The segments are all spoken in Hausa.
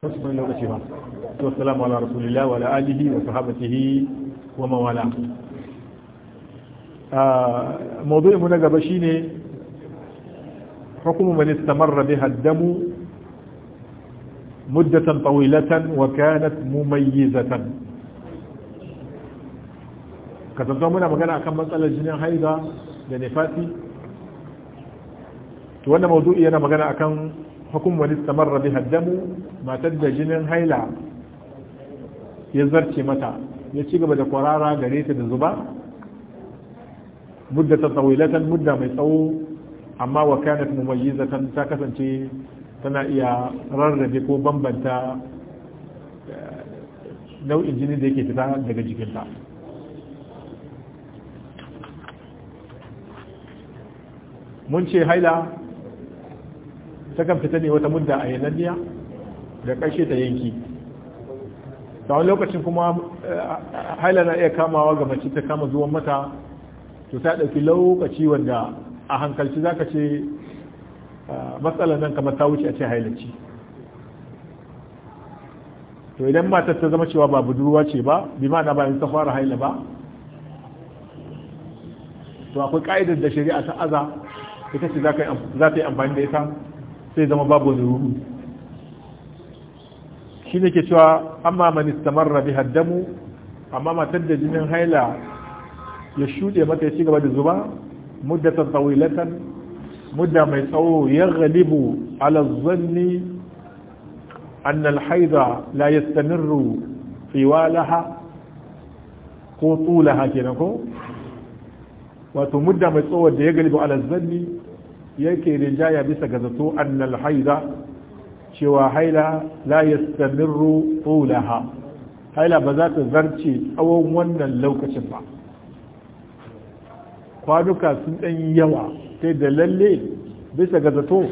musulman lokaci ba to salamu ala rasulillah wa ala alihi wa sahabatihi wa mawala ah, mawdu'in mu na gaba shine hukumu man istamarra biha damu muddatan tawilatan wa kanat mumayyizatan ka muna magana akan matsalar jinin haiza da nifasi to wannan mawdu'i yana magana akan hukum wani samar biha damu matar da jinin haila ya zarce mata ya ci gaba da kwarara gare ta da zuba mudda ta tsawilatan mudda mai tsawo amma wa kanat mumayyizatan ta kasance tana iya rarrabe ko bambanta nau'in jini da yake fita daga jikinta mun ce haila takan fita ne wata mudda a yananiya da ƙarshe ta yanki ta wani lokacin kuma eh, haila na iya kamawa ga mace ta kama zuwan mata to ta ɗauki lokaci wanda a hankalci za ka ce eh, matsalar nan kamar ta wuce a ce hailaci to idan matar ta zama cewa ba budurwa ce ba bi na bayan ta fara haila ba to akwai ƙa'idar da shari'a ta aza ita ce za ta yi amfani da ita sai zama babu zuru shi ne ke cewa amma mani istamarra bi haddamu amma matar da jinin haila ya shuɗe mata ya ci gaba da zuba muddatan latan? mudda mai tsawo ya galibu alazzanni zanni an alhaida la yastamirru fi walaha ko ha kenan ko wato mudda mai tsawo da ya galibu alazzanni yake rinjaya bisa ga zato annal haida cewa haila la yastamirru tulaha haila ba za ta zarce tsawon wannan lokacin ba kwaduka sun ɗan yawa sai da lalle bisa ga zato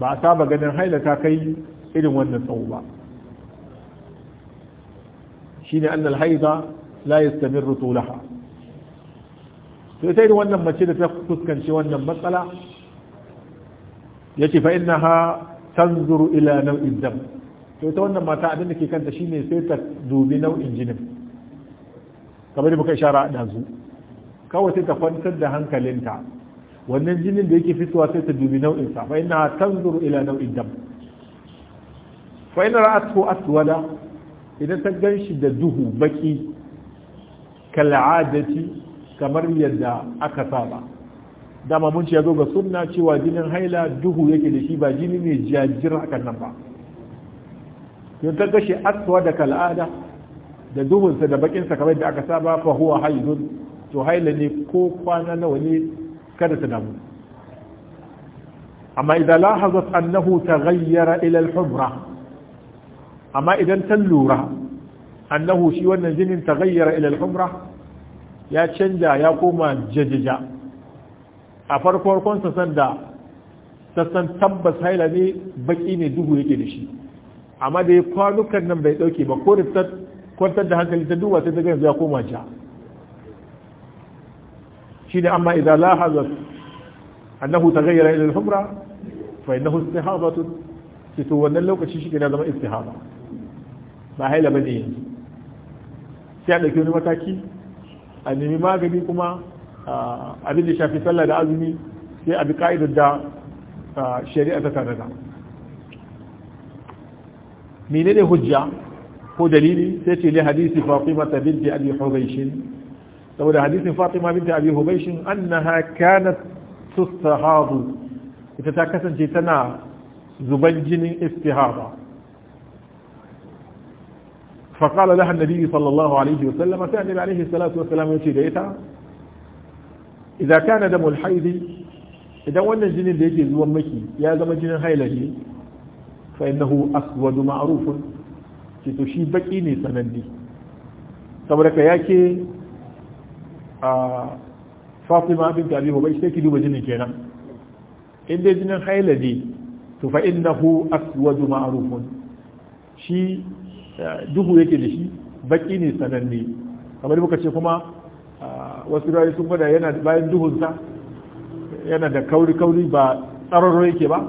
ba a saba ganin haila ta kai irin wannan tsawo ba shi ne annal haida la yastamirru tulaha sai ta wannan mace da ta fuskanci wannan matsala yace fa can zuru ila nau'in dam to ita wannan mata abin da ke kanta shine sai ta dubi nau'in jinin kamar da muka ishara a ɗazu kawai sai ta kwantar da hankalinta wannan jinin da yake fitowa sai ta dubi nau'in sa fa can zuru ila nau'in dam fa ra'at ko aswada idan ta ganshi da duhu baki kal'adati kamar yadda aka saba dama mun ce ya zo ga sunna cewa jinin haila duhu yake da shi ba jini ne jajir hakan nan ba yin ta gashi aswa da kal'ada da duhunsa da bakinsa kamar da aka saba fa huwa haidun to haila ne ko kwana nawa ne kada ta damu amma idan lahazat annahu taghayyara ila al-hubra amma idan ta lura annahu shi wannan jinin taghayyara ila al-hubra ya canja ya koma jajaja a farko da sanda sassan tabbas haila ne baki ne duhu yake da shi amma da ya kwanukan nan bai dauke ba ko da kwantar da hankali ta duwa sai ta ga ya koma ja shi ne amma idan lahazat annahu taghayyara ila al-humra fa innahu istihabatu sai to wannan lokaci shi ke na zama istihaba ba haila bane yanzu sai a dauki wani mataki a nemi magani kuma abin da shafi sallah da azumi sai abi ka'idar da shari'a ta tarada menene hujja ko dalili sai ce li hadisi fatima ta binti abi hubayshin saboda hadisin fatima binti abi hubayshin annaha kanat tustahadu ita ta kasance tana zuban jinin istihaba فقال لها النبي صلى الله عليه وسلم فأنب عليه الصلاة والسلام يتي ديتا idza kana damul haid idan wannan jinin da yake zuwan maki ya zama jinin hailali fa innahu aswad ma'ruf ki to shi baki ne sananne saboda ka yake a Fatima bint Abi Hubaysh take duba jinin kenan in dai jinin hailali to fa innahu aswad ma'ruf shi eh, duhu yake da shi baki ne sananne kamar muka ce kuma wasu rayu sun gwada yana bayan duhunsa yana da kauri-kauri ba tsararro yake ba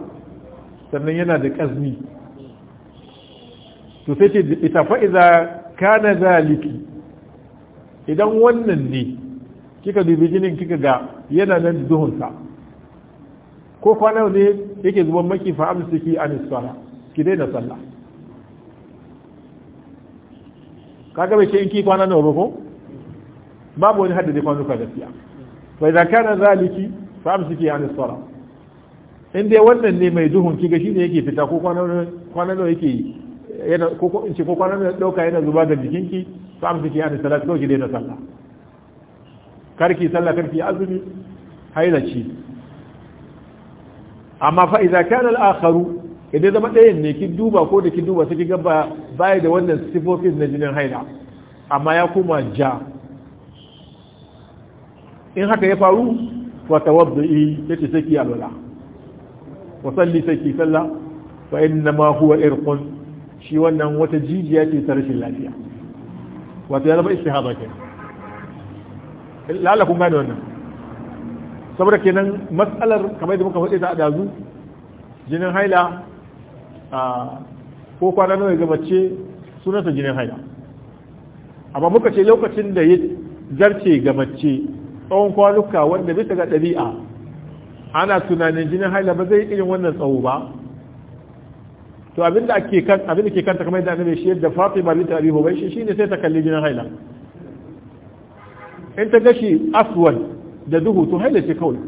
sannan yana da ƙazmi to sai ce ita fa'iza kana zaliki idan wannan ne kika dubi jinin kika ga yana nan duhunsa ko kwanar ne yake zuban maki fa ki an sala ki daina sallah ka bai ce in ki kwana nawa ba ko babu wani kwanu kwanuka gaskiya fa idan kana zaliki fa fi an as-sala in dai wannan ne mai duhun kiga shine yake fita ko kwanan kwanan yake yana ko in ce ko kwanan dauka yana zuba da jikinki fa fi an sala ko ki daina sallah karki sallah karki azumi ci. amma fa idan kana al-akharu idan zama ɗayan ne ki duba ko da ki duba sai ki ga ba da wannan sifofin na jinin haila amma ya kuma ja in haka ya faru wa tawaddi yace saki alwala wa salli saki salla fa inna ma huwa irqun shi wannan wata jijiya ce ta rashin lafiya wata ya zama istihaba kenan lalla kun gane wannan saboda kenan matsalar kamar da muka faɗi ta a dazu jinin haila ko kwana nawa ga mace sunansa jinin haila amma muka ce lokacin da ya zarce ga mace tsawon kwanuka wanda bisa ga ɗabi'a ana tunanin jinin haila ba zai irin wannan tsawo ba to abin da ake kan abin da ke kanta kamar yadda annabi shi da Fatima bint Abi Hubaysh shine sai ta kalli jinin haila in ta gashi aswad da duhu to haila ce kawai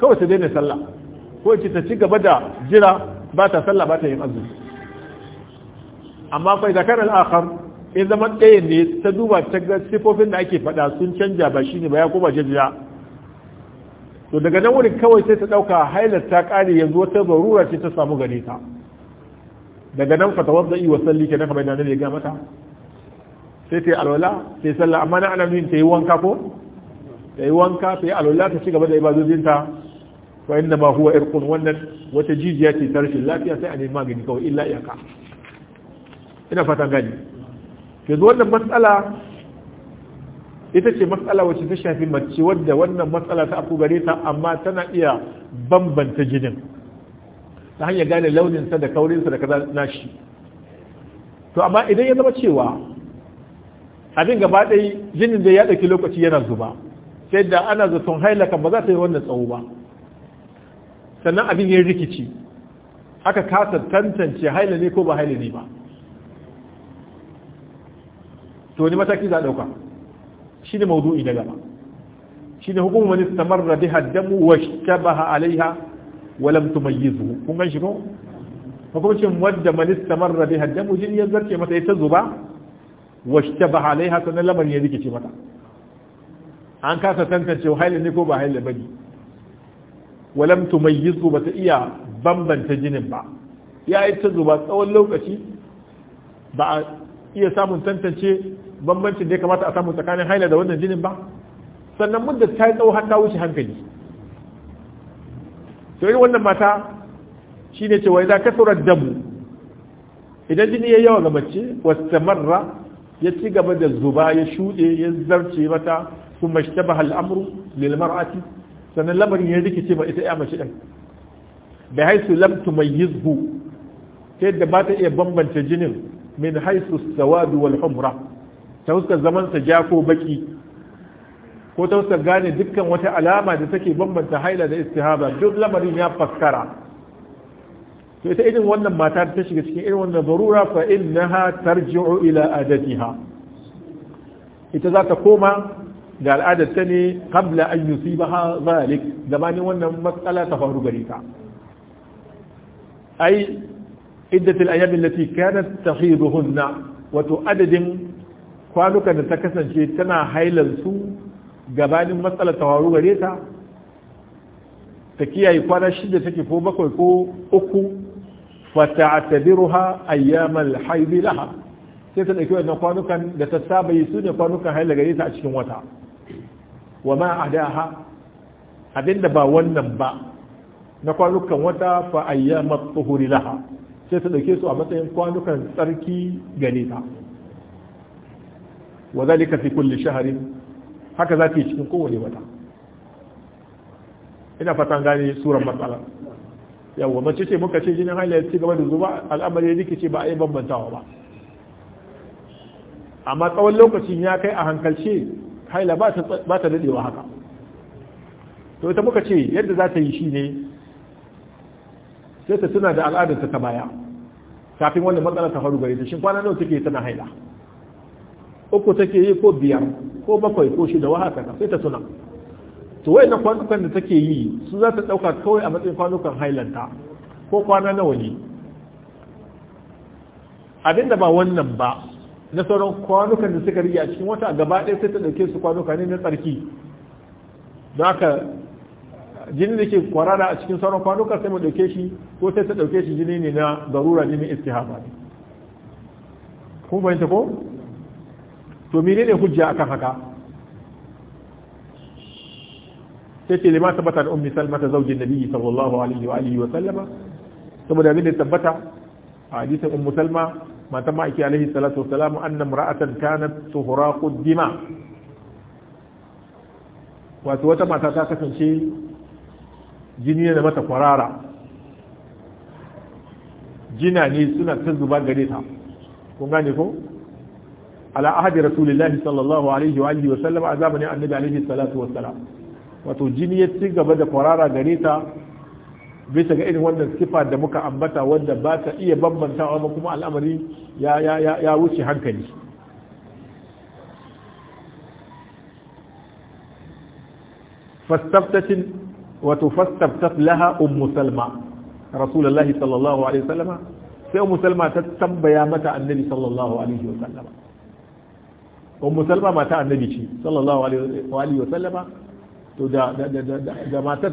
kawai ta daina sallah ko ce ta ci gaba da jira ba ta sallah ba ta yin azumi amma fa idan kana al-akhar ya zama ɗaya ne ta duba ta ga sifofin da ake faɗa sun canja ba shi ne ba ya koma jajiya to daga nan wurin kawai sai ta ɗauka hailar ta ƙare yanzu wata barura ce ta samu gare ta daga nan fata wanda iya salli ke na kamar yana ne ga mata sai ta yi alwala ta yi sallah amma na ana nuna ta yi wanka ko ta yi wanka ta yi alwala ta ci gaba da ta fa inda ma huwa irkun wannan wata jijiya ce ta rashin lafiya sai a nemi magani kawai illa iyaka ina fatan gani yanzu wannan matsala ita ce matsala wacce ta shafi mace wadda wannan matsala ta afu gare ta amma tana iya bambanta jinin ta hanyar gane launinsa da kaurinsa da kaza nashi to amma idan ya zama cewa abin gaba ɗai jinin da ya ɗauki lokaci yana zuba sai da ana zaton hailaka ba za ta yi wannan tsawo ba sannan abin ya rikici aka kasa tantance haila ne ko ba haila ne ba to ni mataki za a ɗauka shi ne maudu'i na gaba shi ne hukumu samar da biha damu wa shabaha alaiha wa lam tumayyizu kun gan shi ko hukuncin wadda mani da biha damu jini ya zarce mata ita zuba wa shabaha alaiha sannan lamarin ya rikice mata an kasa tantance haili ne ko ba haili bane wa lam ba ta iya bambanta jinin ba ya yi ta zuba tsawon lokaci ba a iya samun tantance bambancin da ya kamata a samu tsakanin haila da wannan jinin ba sannan mudda ta yi tsawo har ta wuce hankali to irin wannan mata shine cewa idan kasurar damu idan jini ya yawa ga mace marra ya ci gaba da zuba ya shuɗe ya zarce mata ta hal'amru amuru lil mar'ati sannan lamarin ya rikice ma ita ya mace ɗan bai haisu lamtu mai tumayyizhu ta yadda ba ta iya bambance jinin min haisu sawadu wal humra ta huskar zamansa ja ko baki ko ta huskar gane dukkan wata alama da take bambanta haila da istihaba duk lamarin ya faskara to ita irin wannan mata ta shiga cikin irin wannan zarura fa innaha tarji'u ila adatiha ita za ta koma da al'adar ta ne qabla an yusibaha zalik zamanin wannan matsala ta faru gare ta ai iddatul ayyam allati kanat tahiduhunna wato adadin kwanukan da ta kasance tana su gabanin matsalar tawaru gare ta ta kiyaye kwana shida take ko bakwai ko uku fata a tabiruha ayyamal haibi laha sai ta ɗauki wannan kwanukan da ta saba yi su ne kwanukan haila gare ta a cikin wata wa ma a daha abinda ba wannan ba na kwanukan wata fa ayyamat tuhuri laha sai ta ɗauke su a matsayin kwanukan tsarki gare ta wa zalika fi kulli shahrin haka za yi cikin kowane wata ina fatan gane suran matsala yawwa mace ce muka ce jinin haila ci gaba da zuba al'amari ya rikice ba a yi bambantawa ba amma tsawon lokacin ya kai a hankalce haila ba ta dadewa haka to ita muka ce yadda za ta yi shi ne sai ta tuna da al'adarta ta baya kafin wannan matsala ta faru gare ta shin kwana nawa take tana haila uku take yi ko biyar ko bakwai ko shida wa haka sai ta tuna to wai na kwanukan da take yi su za ta ɗauka kawai a matsayin kwanukan hailanta ko kwana nawa ne da ba wannan ba na sauran kwanukan da suka riya a cikin wata gaba ɗaya sai ta ɗauke su kwanuka ne na tsarki don haka jini da ke kwarara a cikin sauran kwanuka sai mu ɗauke shi ko sai ta ɗauke shi jini ne na garura jini istihaba ne kun fahimta ko to menene hujja akan haka sai ce lima tabbata da ummi salma ta zaujin nabi sallallahu alaihi wa alihi wa sallama saboda abin da tabbata a hadisin ummu salma matan ma'aiki alaihi salatu wa salamu annam ra'atan kanat tuhura quddima wato wata mata ta kasance jini ne mata kwarara jina ne suna ta zuba gare ta kun gane ko ala ahadi rasulillahi sallallahu alaihi wa alihi wa sallam a zamanin annabi alaihi salatu wa salam wato jini ya ci gaba da kwarara gare ta bisa ga irin wannan sifa da muka ambata wanda ba ta iya bambantawa ba kuma al'amari ya ya ya ya wuce hankali fastaftatin wato fastaftat laha ummu salma rasulullahi sallallahu alaihi wa wasallama sai ummu salma ta tambaya mata annabi sallallahu alaihi wa wasallama ummu salma mata annabi ce sallallahu alaihi wa sallama to da da matar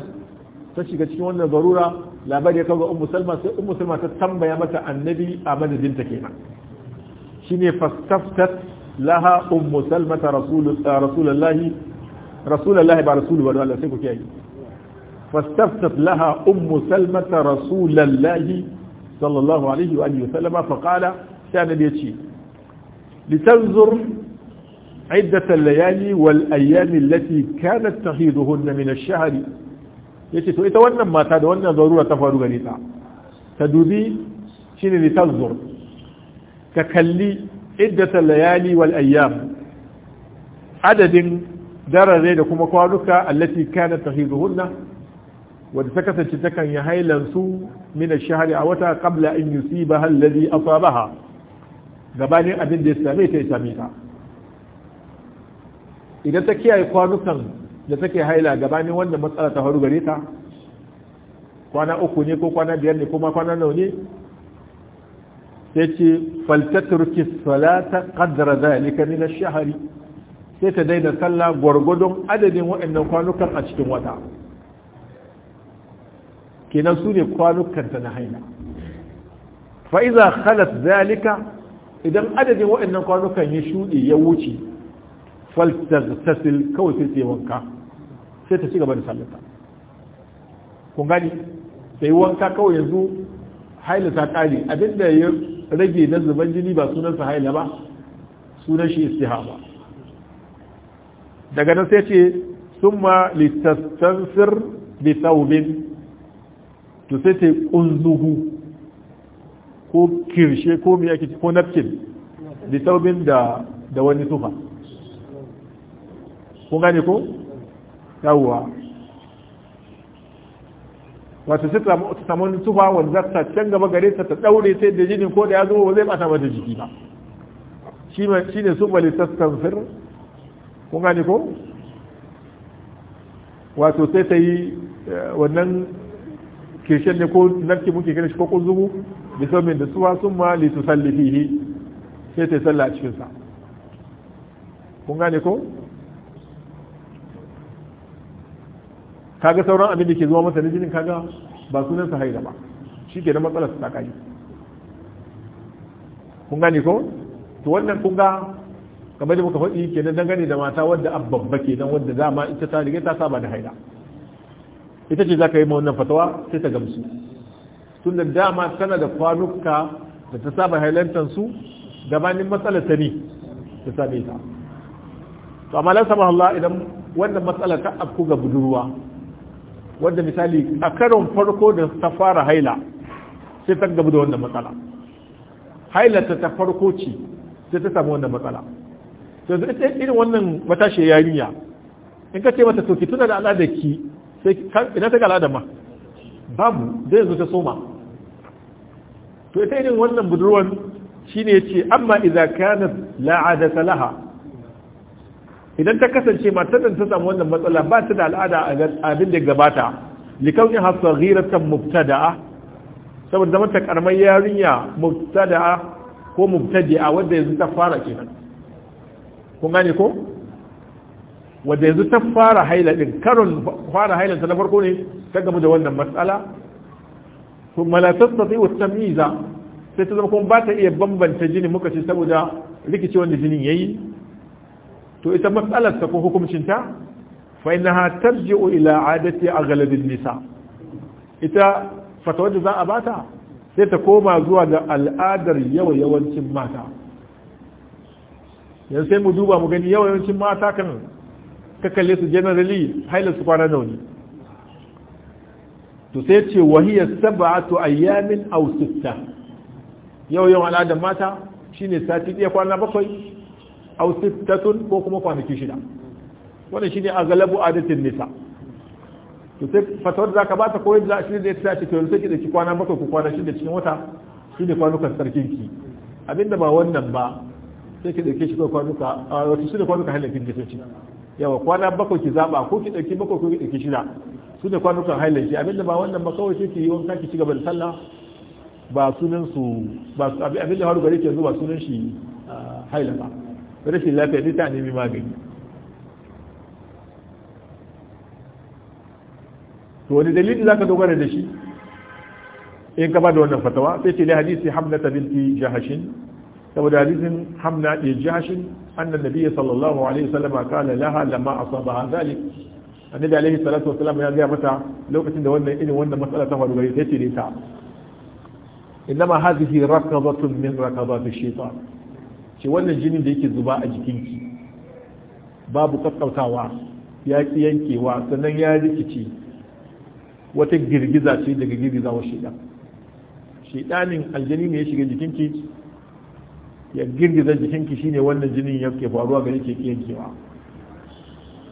ta shiga cikin wannan zarura labari ya kawo ummu salma sai ummu salma ta tambaya mata annabi a madadin ta kenan shine fastaftat laha ummu salma ta rasulullahi rasulullahi ba rasulu ba Allah sai ku kiyaye fastaftat laha ummu salma ta rasulullahi sallallahu alaihi wa alihi wa sallama fa sai annabi ya ce litanzur عدة الليالي والأيام التي كانت تغيضهن من الشهر yace to ita wannan mata da wannan zarura ta faru gare ta ta dubi shine ne tanzur ka kalli idda layali wal adadin darare da kuma kwanuka allati kanat hunna wadda ta kasance takan yi hailansu min ash-shahri a wata qabla an yusibaha alladhi asabaha gabanin abin da ya same ta ya same idan ta kiyaye kwanukan da take haila gabanin wanda matsala ta faru gare ta kwana uku ne ko kwana biyar ne ko ma kwana nawa ne sai ce faltaturki salata qadra zalika min ash-shahr sai ta daina sallah gwargwadon adadin waɗannan kwanukan a cikin wata kenan su ne kwanukan ta na haila fa iza khalat zalika idan adadin waɗannan kwanukan ya shuɗe ya wuce faltasil kawai sai sai wanka sai ta ci gaba da sallata kun gani sai wanka kawai yanzu haila ta kare abinda ya rage na zuban jini ba sunansa haila ba sunan shi istihaba daga nan sai ce summa litastansir bi thawbin to sai ta kunzuhu ko kirshe ko mai yake ko napkin da da wani tufa kun gane ko yawwa Wato sai ta samu tufa wanda ta can gaba gare ta ta daure sai da jinin ko da ya ba zai bata mata jiki ba shi ma shi ne subali tastanfir kun gane ko wato sai ta yi eh, wannan kishin ne ko narki muke kira shi ko kunzugu min da suwa sun ma litusallifihi sai ta yi sallah a cikinsa kun gane ko kaga sauran abin da ke zuwa masa jinin kaga ba sunan sa haida ba shi ke na matsalar su tsakani kun gane ko to wannan kun ga kamar da muka faɗi nan dangane da mata wadda abbabba kenan wadda dama ita ta riga ta saba da haila ita ce za ka yi ma wannan fatawa sai ta gamsu tun da dama tana da kwanuka da ta saba hailantar su gabanin matsalar ta ne ta same ta to amma lan sama Allah idan wannan matsalar ta afku ga budurwa wanda misali a karon farko da ta fara haila sai ta gabu da wannan matsala hailata ta farko ce sai ta samu wannan matsala to ita irin wannan matashi yarinya in ka ce mata to ki tuna da al'ada ki sai ina ta ga al'ada ma babu zai yanzu ta soma to ita irin wannan budurwan shine yace amma idza kanat la'adata laha idan ta kasance matar da ta samu wannan matsala ba ta da al'ada a abin da gabata likauni hasa ghiratan mubtada'a saboda zama ta karamar yarinya mubtada'a ko mubtadi'a wanda yanzu ta fara kenan kun gane ko wanda yanzu ta fara haila din karon fara haila ta na farko ne ta gamu da wannan matsala kuma la tastati wa tamyiza sai ta zama kuma ba ta iya bambanta jini muka ce saboda rikicewar da jinin yayi to ita matsalar ta ko hukuncin ta fa innaha tarji'u ila adati aghlab nisa ita fatawa da za a bata sai ta koma zuwa ga al'adar yawa yawancin mata yanzu sai mu duba mu gani yawa yawancin mata kan ka kalle su generally haila su kwana nauni to sai ce wahiyar sab'atu ayyamin aw sitta yawa yawan al'adar mata shine sati ɗaya kwana bakwai aw sittatun ko kuma kwanaki shida wannan shine galabu adatin nisa to sai fatawar da ka bata ko yadda shi da ta ce to yanzu kike da kwana bakwai ko kwana shida cikin wata shine kwanukan sarkin ki abinda ba wannan ba sai ki dauke shi ko kwanuka a wato shine kwanuka halakin ki sai yawa kwana bakwai ki zaba ko ki dauki bakwai ko ki dauki shida su ne kwanukan hailan ki abinda ba wannan ba kawai sai ki yi wanka ki cigaba da sallah ba sunan su ba abinda haru gari ke zuwa sunan shi hailan ba rashin lafiya sai ta nemi magani to wani dalilin za ka dogara da shi in ka ba da wannan fatawa sai ce da hadisi hamna ta binti jahashin saboda hadisin hamna ɗin jahashin annan nabiya sallallahu alaihi wasallama kana laha lamma asaba zalik annabi alaihi salatu wasallam ya gaya mata lokacin da wannan irin wannan matsala ta faru gari sai ce ne ta innama hadhihi rakabatun min rakabat ash-shaytan ce wannan jinin da yake zuba a jikinki babu kakkautawa ya ki yankewa sannan ya rikici wata girgiza ce daga girgizawar shaidan shaidanin aljini ne ya shiga jikinki ya girgiza jikinki shine wannan jinin ya ke faruwa yake ke yankewa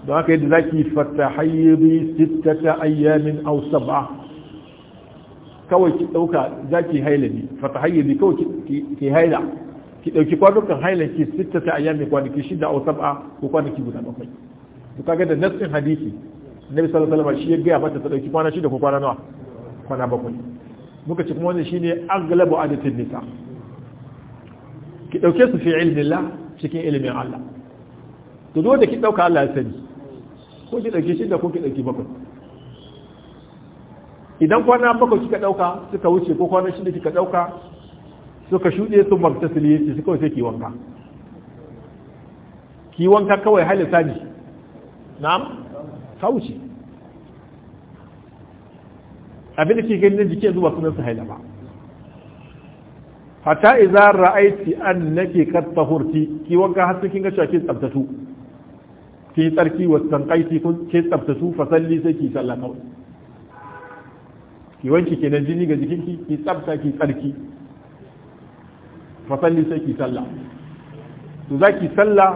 don haka yadda zaki fata hayyabi sittata ayyamin aw sab'a kawai ki dauka zaki haila ne fata hayyari kawai ki haila ki dauki kwanukan hailan ki sitta ta ayyami kwanaki shida au sab'a ko kwanaki guda bakwai to kaga da nassin hadisi nabi sallallahu alaihi wasallam shi ya gaya mata ta dauki kwana shida ko kwana nawa kwana bakwai muka ce kuma wannan shine aglabu adatin nisa ki dauke su fi ilmillah cikin ilimin Allah to dole ki dauka Allah ya sani ko ki dauke shida ko ki dauki bakwai idan kwana bakwai kika dauka suka wuce ko kwana shida kika dauka suka shuɗe sun martasili yace su kawai sai kiwonka kiwonka kawai halitta ne na ta wuce abin da ke ganin jiki yanzu ba sunan su haila ba hata iza ra'aiti an nake tahurti hurti kiwonka har kin kinga cewa ke tsabtatu ki tsarki wa tsankaiti kun ke tsabtatu fasalli sai ki sallah kawai ki wanki kenan jini ga jikinki ki tsabta ki tsarki fasalli sai ki sallah to za ki sallah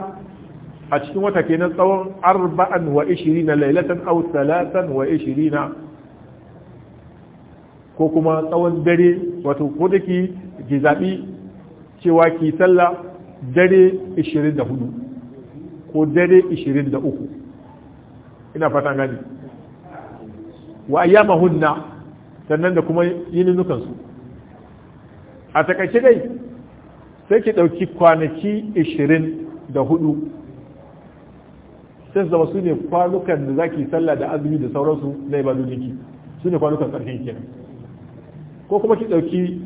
a cikin wata kenan tsawon arba'an wa na lailatan aw talatan wa na, ko kuma tsawon dare wato ko da ki ki zaɓi cewa ki sallah dare 24 ko dare 23 ina fata gani wa hunna sannan da kuma yininukansu a takaice dai sai ki ɗauki kwanaki ishirin da hudu sai su zama su ne kwanukan da za ki salla da azumi da sauransu na ibadodiki su ne kwanukan ƙarfin kenan ko kuma ki ɗauki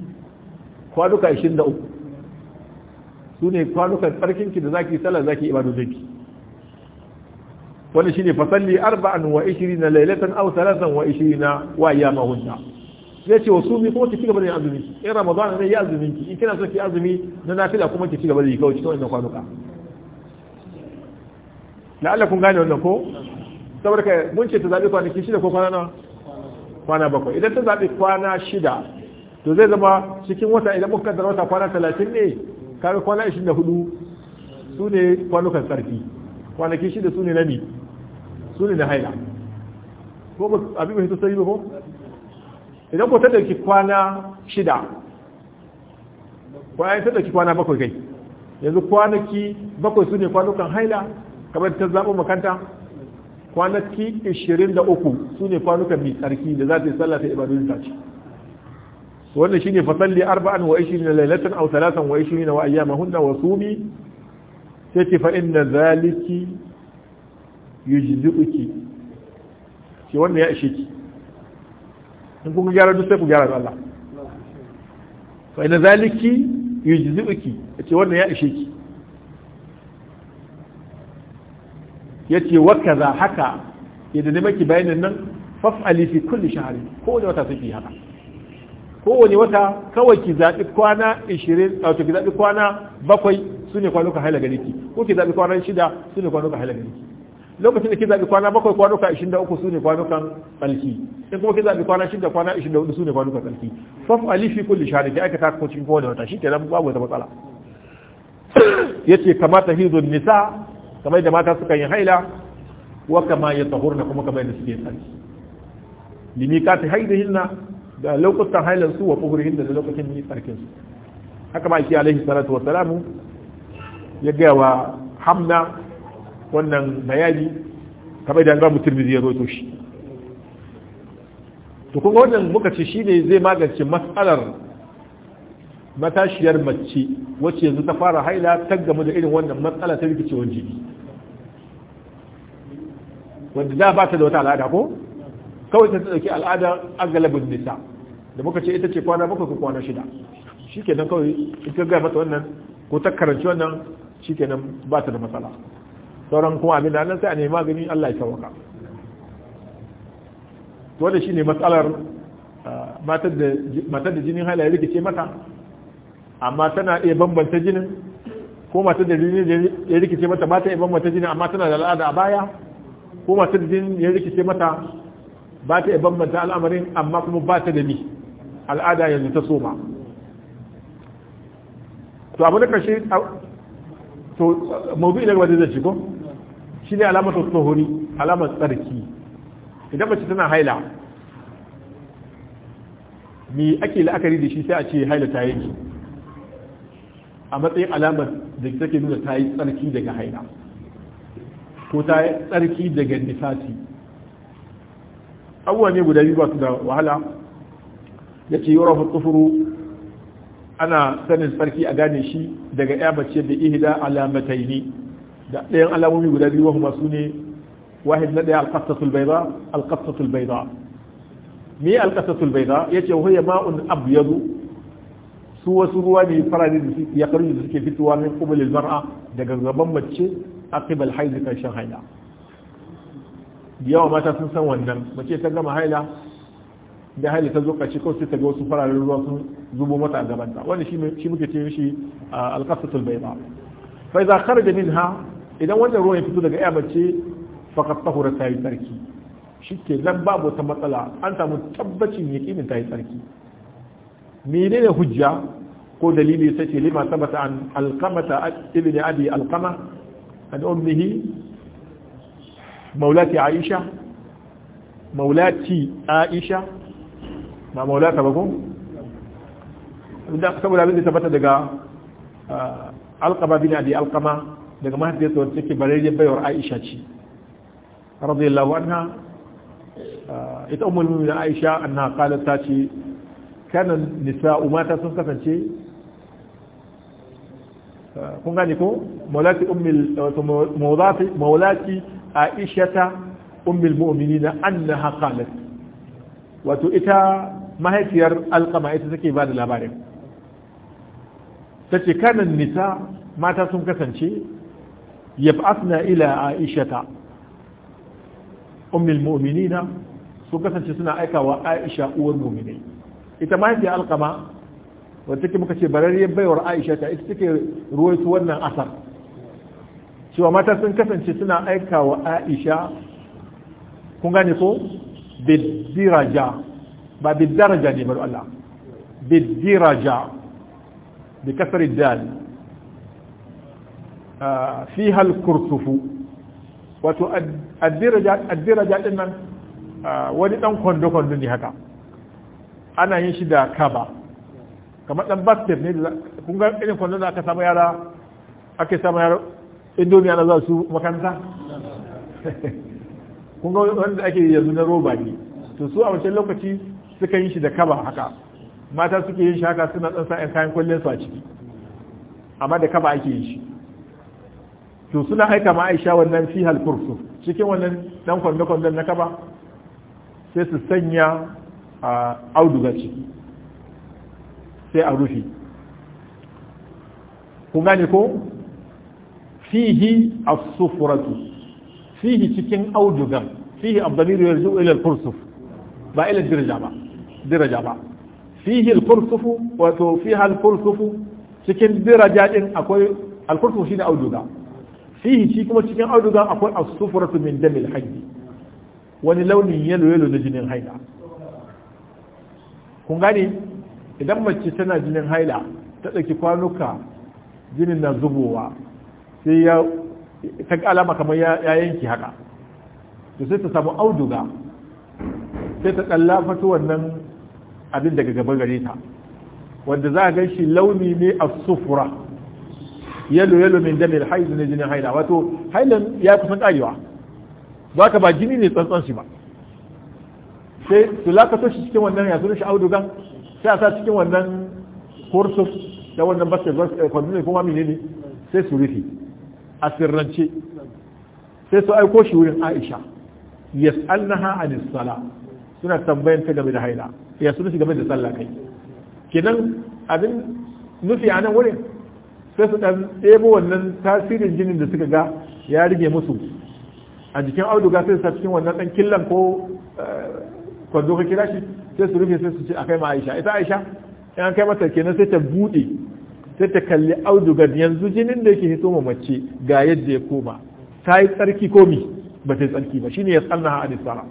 kwanuka ishirin da uku su ne kwanukan ki da za ki sallah za ki ibadodiki wani shi ne fasalli arba'an wa na lailatan au salatan wa na wa ayyama mahunta. ya ce wasu mi kuma ki cigaba da yin azumi in ramadan ne ya azumi ki in kina so ki azumi na nafila kuma ki cigaba da yi kawai cikin wannan kwanuka Allah kun gane wannan ko saboda kai mun ce ta zabi ki shida ko kwana nawa kwana bakwai idan ta zabi kwana shida to zai zama cikin wata idan muka kaddara wata kwana talatin ne kaga kwana ishirin da su ne kwanukan kwana kwanaki shida su ne na ni su ne na haila ko abin mai hito sai ba ko idan ku ta ɗauki kwana shida kwanan ta ɗauki kwana bakwai kai yanzu kwanaki bakwai su ne kwanukan haila kamar ta zaɓo makanta kwanaki 23 su ne kwanukan mai tsarki da za ta yi sallah ta ibadun ta ce wannan shine fasalli arba'an wa ishirina lailatan aw thalathan wa na wa Mahunna wa sumi sai ce fa inna zaliki yujzi'uki shi wannan ya ishe ki in kuka gyara duk sai ku gyara da Allah fa ina zaliki yujzi'uki yace wannan ya ishe ki yace wa kaza haka idan ne maki bayanin nan faf'ali fi kulli shahri ko wani wata sai haka wani wata kawai ki zabi kwana 20 wato ki zabi kwana bakwai su ne kwanuka haila gare ki ko ki zabi kwana shida su ne kwanuka haila gare ki lokacin da ke zaɓi kwana bakwai kwanuka 23 su ne kwanukan tsarki in kuma ke zaɓi kwana shida kwana 24 su ne kwanukan tsarki faf alifi kulli shahada ki aikata ko cikin kowane wata shi ke nan babu wata matsala yace kamata hizun nisa kamar da mata suka yi haila wa kama ya tahurna kuma kamar da suke tsarki limikati haidihinna da lokutan hailan su wa tuhurihinna da lokacin yi tsarkin su haka ma shi alaihi salatu wa salamu ya gaya wa hamna wannan bayani kamar da ba mutum ya roto shi to kuma wannan muka ce shine zai magance matsalar matashiyar mace wacce yanzu ta fara haila ta gamu da irin wannan matsala ta rikicewar jini wanda da ba ta da wata al'ada ko kawai ta dauki al'ada a galabin nisa da muka ce ita ce kwana bakwai ko kwana shida shikenan kawai in ka ga mata wannan ko ta karanci wannan shikenan ba ta da matsala sauran kuma abin da nan sai a nemi magani Allah ya sauka to shi shine matsalar matar da jinin halaye rikice mata amma tana iya bambanta jinin ko matar da jinin ya rikice mata ba ta iya bambanta jinin amma tana da al'ada a baya ko matar da jinin ya rikice mata ba ta iya bambanta al'amarin amma kuma ba ta da mi al'ada yanzu ta soma to abu da karshe, to mawuzi ne wanda zai shigo shi ne alamar tsuhuri alamar tsarki idan mace tana haila me ake la'akari da shi sai a ce haila ta yi a matsayin alamar da take nuna ta yi tsarki daga haila ko ta yi tsarki daga nifasi abuwa ne guda biyu ba su da wahala da ce yi tsufuru ana sanin tsarki a gane shi daga ya mace da ihida alamatai ne da ɗayan alamomi guda biyu wahuma su ne wahid na ɗaya alƙasatul baiza alƙasatul baiza Mi alƙasatul baiza ya ce wahiyar ma'un abyadu su wasu ruwa ne farare da ya karu da suke fitowa min kubalil mar'a daga gaban mace a kibal haizu karshen haila yawa mata sun san wannan mace ta gama haila da haila ta zo kashi kawai sai ta ga wasu fararen ruwa sun zubo mata a gabanta wanda shi muke ce shi alƙasatul baiza fa idza kharaja minha idan wannan ruwan ya fito daga ya mace fakat tahura ta yi tsarki shi ke nan babu wata matsala an samu tabbacin ya ta yi tsarki menene hujja ko dalili sai ce lima sabata an alqamata ibn abi alkama an ummihi maulati aisha maulati aisha ma maulata ba ko saboda abin da tabbata daga ah, alqama bin abi alkama daga mahaifiyarsa wacce take bararriyar baiwar aisha ce radiyallahu anha ah, ita mu da aisha anna qalat ta ce kana nisa mata sun kasance ah, kun gani ko maulati ummil maulati maulati aishata ummul mu'minin annaha qalat wato ita mahaifiyar alqama ita take ba da labarin ce kana nisa mata sun kasance يبعثنا ila aishata ummul المؤمنين su kasance suna aikawa aisha uwar mu'minai ita ma yake alqama wanda take muka ce barariyar baiwar aisha ta ita take ruwaito wannan asar cewa mata sun kasance suna aikawa aisha kun gane ko bidiraja ba bidaraja ne bar Allah bidiraja bi kasar dal fi halkurtufu wato addiraja din nan wani dan kwando-kwando ne haka ana yin shi da kaba kamar dan basket ne kun ga irin kwando da aka samu yara ake samu yara indomiya na za su makaranta kun ga wanda ake yanzu na roba ne to su a wancan lokaci suka yi shi da kaba haka mata suke yin shi haka suna tsansa 'yan kayan kwallon su a ciki amma da kaba ake yin shi to suna aika ma aisha wannan fi halkursu cikin wannan dan kwando kwanden na kaba sai su sanya a auduga ciki sai a rufi kun gane ko fihi as-sufratu fihi cikin audugan fihi abdamiru yarju ila al kursu ba ila diraja ba diraja ba fihi al wato fiha al cikin diraja din akwai al-fursuf shine auduga fihi shi kuma cikin auduga, akwai as-sufratu min damil hayy wani launin yalo yalo na jinin haila kun gane idan mace tana jinin haila ta dauki kwanuka jinin na zubowa sai ya ta alama kamar ya yanki haka to sai ta samu auduga sai ta ɗalla fato wannan abin daga gaban gare ta wanda za a gan shi launi ne a sufra yalo yalo min damil haidu ne jinin haila wato hailan ya kusan karewa ba ka ba jini ne tsantsan shi ba sai su lakato shi cikin wannan ya shi audugan sai a sa cikin wannan kursus da wannan basket kwanne kuma mene ne sai su rufi a sirrance sai su aiko shi wurin aisha yas'alnaha anis sala suna tambayan ta game da haila ya shi game da sallah kai kenan abin nufi a nan wurin sai su dan ɗebo wannan tasirin jinin da suka ga ya rige musu a jikin auduga sai su cikin wannan dan killan ko eh, kwando ka kira shi sai su rufe sai su ce a kai ma aisha ita aisha in an kai mata kenan sai ta buɗe sai ta kalli audugar yanzu jinin da yake hito ma mace ga yadda ya koma ta yi tsarki ko ba ta yi tsarki ba shine ya tsanna ha alisara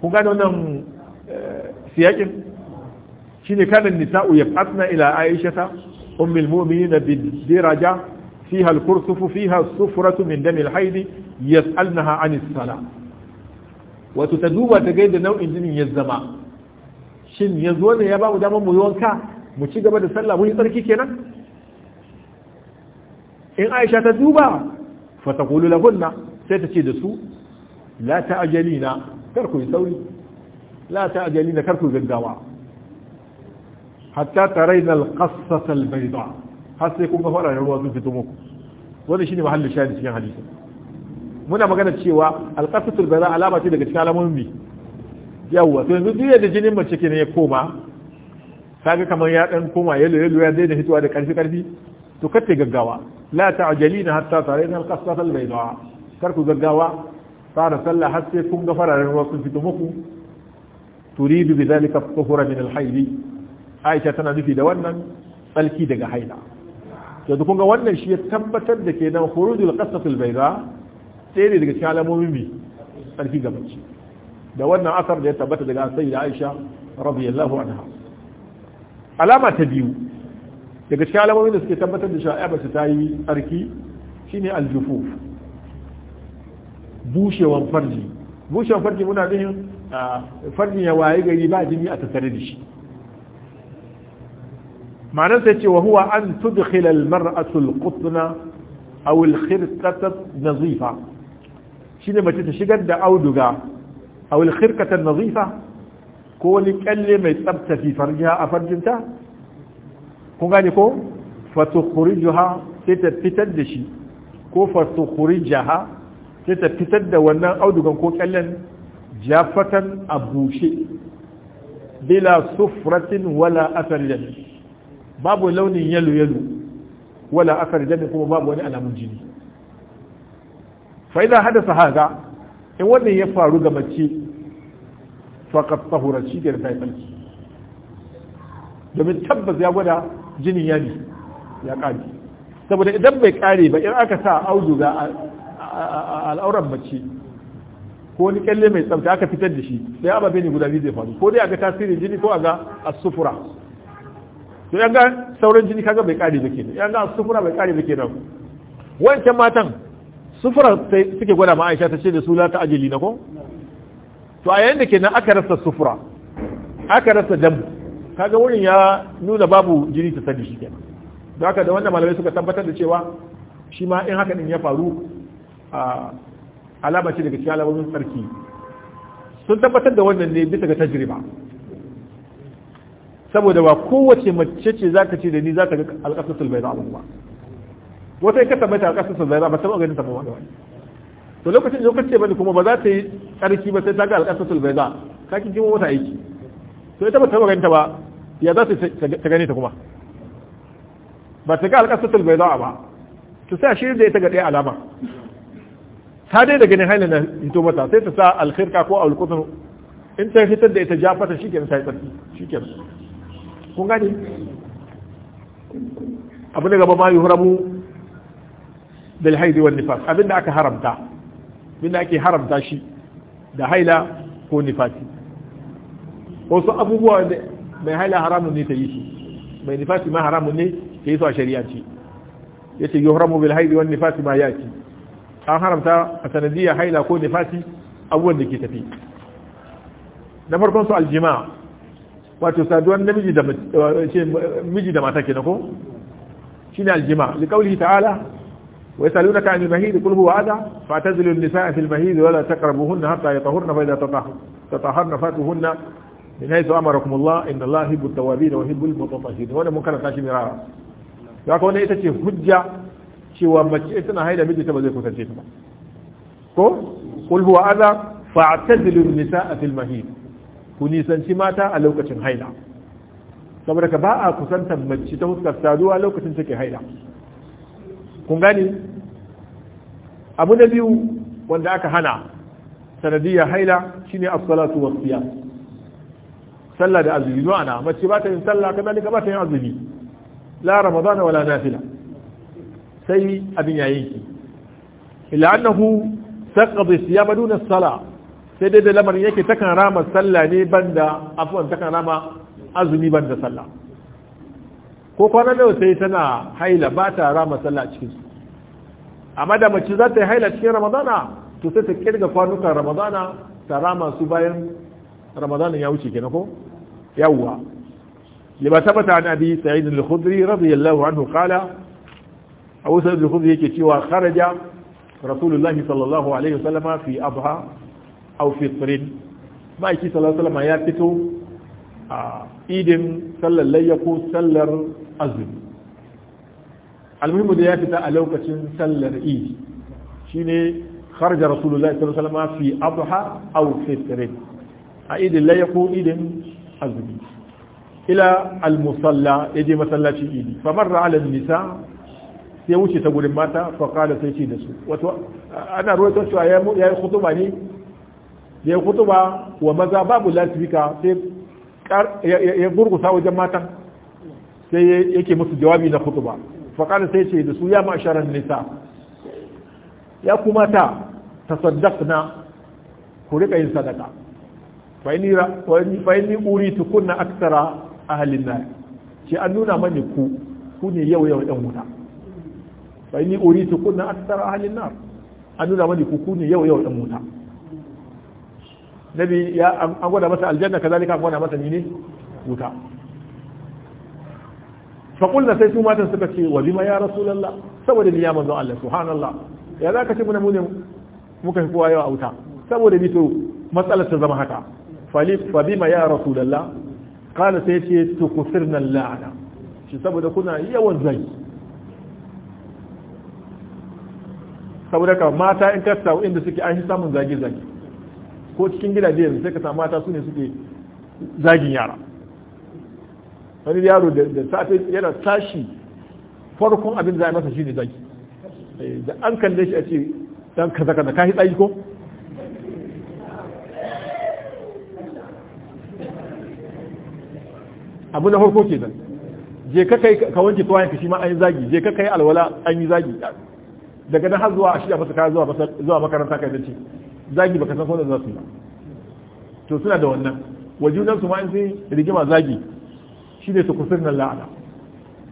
kun gane wannan eh, siyakin shine kana nisa'u ya yaf'atna ila aisha ta أم المؤمنين بالدرجة فيها الكرسف فيها الصفرة من دم الحيض يسألنها عن الصلاة وتتدوب تجد نوع جن يزما shin yanzu wannan ya ba mu damar mu yi wanka mu ci gaba da sallah mun yi tsarki kenan in aisha ta duba fa taqulu lahunna sai ta ce da su la kar ku yi sauri kar ku gaggawa hatta tare al-qassata bai bayda har sai kun ga da ruwa sun fito muku Wani wannan shine mahallin shahidi cikin hadisi muna magana cewa al-qassatu al alama ce daga cikin alamomin bi yawwa to yanzu duk da jinin mace kenan ya koma kaga kamar ya ɗan koma yalo yalo ya daina hitowa da karfi karfi to ta gaggawa la ta'jalina hatta tare al-qassata bai bayda kar ku gaggawa fara sallah har sai kun ga fararen ruwa sun fito muku turidu bi dhalika tuhura min al-hayd aisha tana nufi da wannan tsalki daga haila yanzu kun ga wannan shi ya tabbatar da ke nan hurudul qasatul bayda sai ne daga cikin alamomin bi tsarki ga mace da wannan asar da ya tabbata daga sayyida aisha radiyallahu anha alama ta biyu daga cikin alamomin da suke tabbatar da sha'a mace ta yi tsarki shine aljufuf bushewan farji bushewan farji muna nufin ah, farji ya waye gari ba jini a tattare da shi معناته انه هو ان تدخل المراه القطن او الخرقه النظيفه شنو ما تشغل ده اودغا او الخرقه النظيفه كوني قلي ما يثبت في فرجها افرجنتا كوني كو فتخرجها تتتتد دشي كو فتخرجها تتتتد ده وانا اودغا كو قلن جافه ابوشي بلا سفره ولا اثر لدي babu launin yalo yalo wala akar jami kuma babu wani alamun jini fa idan hadasa haka, in wannan ya faru ga mace faqad tsahura shi da ta tsarki domin tabbas ya gwada jinin ya ne ya kare saboda idan bai kare ba in aka sa auduga al'auran mace ko ni kyalle mai tsafta aka fitar da shi sai ababe ne guda biyu zai faru ko dai aga tasirin jini ko aga asufura to yanga sauran jini kaga bai kare ba kenan yanga sufura bai kare ba nan, wancan matan sufura suke gwada ma Aisha ta ce da su la ta ajili na ko to a yayin da kenan aka rasa sufura aka rasa dam kaga wurin ya nuna babu jini ta sadi shi kenan don haka da wanda malamai suka tabbatar da cewa shi ma in haka din ya faru a alama ce daga cikin alamomin tsarki sun tabbatar da wannan ne bisa ga tajriba saboda ba kowace mace ce za ka ce da ni za ka ga alƙasasul bai za'a ba wata yi ka mata alƙasasul bai za'a ba taɓa ganin ta ba wani to lokacin da lokacin bane kuma ba za ta yi ƙarfi ba sai ta ga alƙasasul bai za'a ka kin kima wata aiki to ita ba ta ganin ta ba ya za ta gane ta kuma ba ta ga alƙasasul bai za'a ba ta sa shirin da ita ga ɗaya alama ta dai da ganin hailin na hito mata sai ta sa alkhirka ko alkutun in ta fitar da ita jafata shi kenan ta yi tsarki shi kenan kun gani abu da gaba ma yi haramu bil haidi wal nifas abinda aka haramta da ake haramta shi da haila ko nifasi wasu abubuwa da mai haila haramun ne ta yi shi, mai nifasi ma haramun ne ta yi su a ce. ya ce yi haramu bil haidi wal nifasi ma ya ce an haramta a sanadiyar haila ko nifasi abubuwan da ke tafi na farkon su aljima'a wato saduwar namiji da ce miji da mata kenan ko shine aljima li qawlihi ta'ala wa yasaluna ka 'anil mahid qul huwa adha tazilu an-nisaa fil mahid wa la taqrabuhunna hatta yatahurna fa idha tatahharna fatuhunna min haythu amarakum Allah inna Allah yuhibbu at-tawwabin wa yuhibbu al-mutatahhirin wa la munkara karanta shimira ya ko ne ita ce hujja cewa mace tana haida miji ta bazai kusance ta ba ko qul huwa adha fa'tazilu an-nisaa fil mahid ku nisanci mata a lokacin haila saboda ka ba a kusantar mace ta fuskar saduwa lokacin take haila kun gani abu na biyu wanda aka hana sanadiya haila shine as-salatu was-siyam sallah da azumi ma'ana mace ba ta yin sallah kamar ka ba ta yin azumi la ramadana wala nafila sai abin yayin ki illa annahu saqadi siyama duna as-salah sai dai da lamarin yake takan rama sallah ne banda afwan takan rama azumi banda sallah ko kwana wata sai tana haila ba ta rama sallah a cikinsu. amma da mace za ta yi haila cikin ramadana to sai ta kirga kwanukan ramadana ta rama su bayan ramadana ya wuce kenan ko yawwa لما ثبت عن أبي سعيد الخضري رضي الله عنه قال أبو سعيد الخضري كتوى خرج رسول الله صلى الله عليه وسلم في أضحى aw fitrin ma'aiki sallallahu ya fito a idin sallar layya ko sallar azumi almuhimu da ya fita a lokacin sallar idi shine kharaja rasulullahi sallallahu alaihi fi adha aw fitrin a idin layya ko idin azumi ila almusalla yaje masallacin idi famarra ala nisa sai wuce ta gurin mata fa qala sai ce da su wato ana ruwaito cewa ya yi khutba ne ya ba wa maza babu lasifika sai ya sa wajen matan sai yake musu jawabi na ba faƙar sai ce da su ya ma'asharar nisa ya kuma ta tasaddak na ku riƙa yin sadaka bayan ni ƙuri tukunna aksara a halin na ce an nuna mani ku ku ne yau yau ɗan wuta bayan ni ƙuri tukunna aksara a halin na an nuna mani ku ku ne yau yau ɗan wuta nabi ya an gwada masa aljanna kazalika an gwada masa ni ne wuta faƙulna sai su matan suka ce wa bima ya rasulallah saboda ni ya manzo Allah subhanallah ya za ka ce muna mune muka fi kowa yawa wuta. saboda bi to matsalar ta zama haka fa bima ya rasulallah kala sai ce to kusirna la'ana shi saboda kuna yawan zai saboda ka mata in ka inda suke an shi samun zage-zage ko cikin gidaje yanzu sai ka samu mata su ne suke zagin yara wani yaro da safe yana tashi farkon abin za a masa shine zagi eh, da an kalle shi a ce dan kaza kaza ka hitsa ko abu na farko ke nan je ka kai ka wanke tuwayen ka shi ma an yi zagi je ka kai alwala an yi zagi daga nan har zuwa a a masa zuwa makaranta ka yi ce zagi baka san kodin za su yi to suna da wannan wajunan su ma in sun rigima zagi shi ne su kusur nan la'ana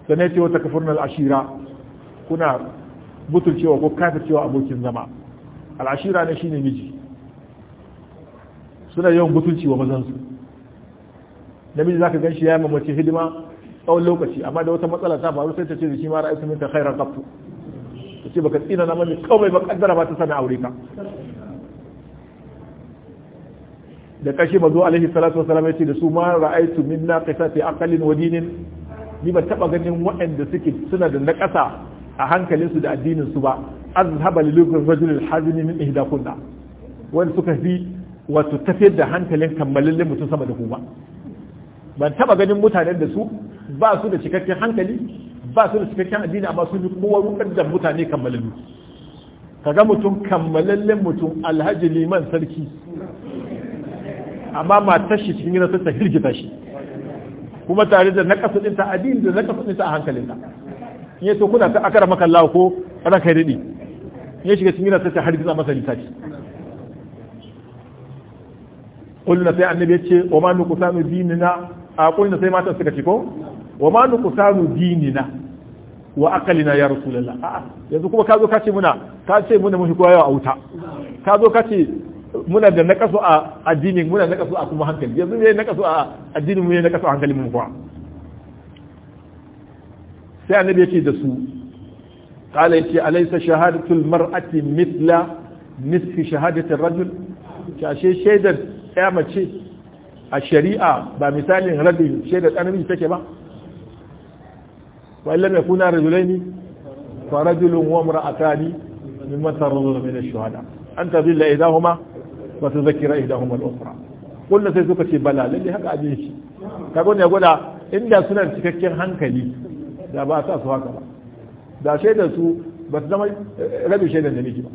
sannan ce wata kafir ashira kuna butulcewa ko kafircewa abokin zama al'ashira ne shine miji suna yawan butulci wa mazansu namiji zaka gan shi ya mamace hidima tsawon lokaci amma da wata matsala ta faru sai ta ce da shi ma ra'aytu ta khairan qattu ta ce baka tsina na mani kawai ba kaddara ba ta sana aure ka da kashi mazo alaihi salatu wasalam ya ce da su ma ra'aitu minna qisati aqalin wa dinin ni ba taba ganin waɗanda suke suna da naƙasa a hankalinsu da addinin su ba azhaba lil rajul al hazin min ihda kunna wanda suka fi wato tafiyar da hankalin kammalin mutum sama da kuma ban taba ganin mutanen da su ba su da cikakken hankali ba su da cikakken addini amma sun yi kowa rukar da mutane kammalallu kaga mutum kammalallen mutum alhaji liman sarki amma matar shi cikin gidansa ta hirgita shi kuma tare da na din ta adin da na din ta a hankalin ta in yato kuna ta akara maka Allah ko ana kai in yi shiga cikin gidansa ta hirgita masa littafi. kullum sai annabi ya ce wa ma nuqsanu dinina a kullum sai matan suka ci ko wa ma nuqsanu dinina wa na ya rasulullah a'a yanzu kuma ka zo ka ce muna ka ce muna mun shi koyawa a wuta ka zo ka ce muna da nakasu a addinin muna nakasu a kuma hankali yanzu ne nakasu a addinin mu ne nakasu a hankali mun kuwa sai annabi yake da su qala yace alaysa shahadatul mar'ati mithla nisfi shahadatir rajul ta ashe shaidar ya mace a shari'a ba misalin rabin shaidar ɗan take ba wa illam yakuna rajulaini fa rajulun wa imra'atani mimman tarḍuna min ash-shuhada an tadilla idahuma ba su zakira ihdahum al-ukhra kullu sai suka ce bala lalle haka abin shi kaga ne gwada inda suna cikakken hankali da ba sa su haka ba da shaidar su ba su zama eh, rabin shaidar da miji ba